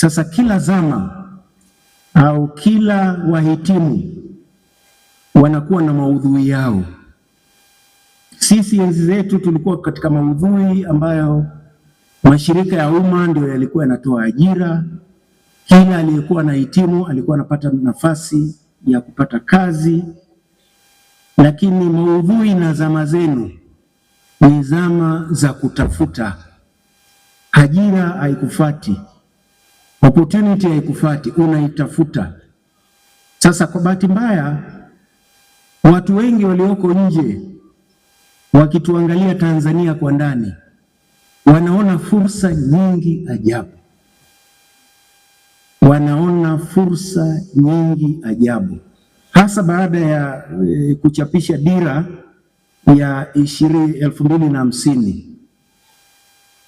Sasa kila zama au kila wahitimu wanakuwa na maudhui yao. Sisi enzi zetu tulikuwa katika maudhui ambayo mashirika ya umma ndio yalikuwa yanatoa ajira. Kila aliyekuwa na hitimu alikuwa anapata nafasi ya kupata kazi, lakini maudhui na zama zenu ni zama za kutafuta ajira, haikufati Opportunity haikufati, unaitafuta. Sasa kwa bahati mbaya, watu wengi walioko nje wakituangalia Tanzania kwa ndani, wanaona fursa nyingi ajabu, wanaona fursa nyingi ajabu, hasa baada ya e, kuchapisha dira ya ishirini elfu mbili na hamsini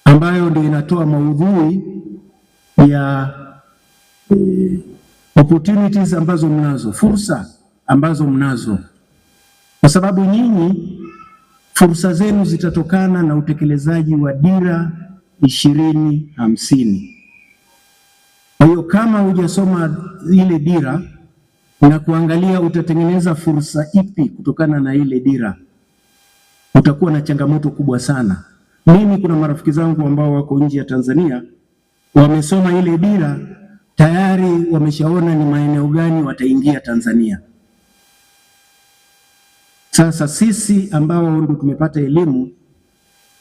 ambayo ndio inatoa maudhui ya eh, opportunities ambazo mnazo, fursa ambazo mnazo, kwa sababu nyinyi fursa zenu zitatokana na utekelezaji wa dira ishirini hamsini. Kwa hiyo kama hujasoma ile dira na kuangalia utatengeneza fursa ipi kutokana na ile dira, utakuwa na changamoto kubwa sana. Mimi kuna marafiki zangu ambao wako nje ya Tanzania wamesoma ile dira tayari wameshaona ni maeneo gani wataingia Tanzania. Sasa sisi ambao ndio tumepata elimu,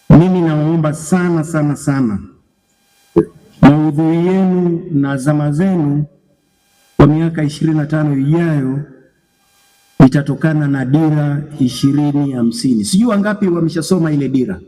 mimi nawaomba sana sana sana, maudhui yenu na zama zenu kwa miaka ishirini na tano ijayo itatokana na dira ishirini hamsini. Sijui wangapi wameshasoma ile dira.